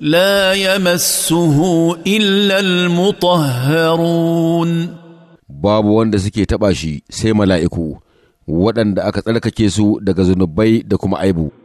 لا يمسه إلا المطهرون babu wanda suke taɓa shi sai mala'iku waɗanda aka tsarkake su daga zunubai da kuma aibu.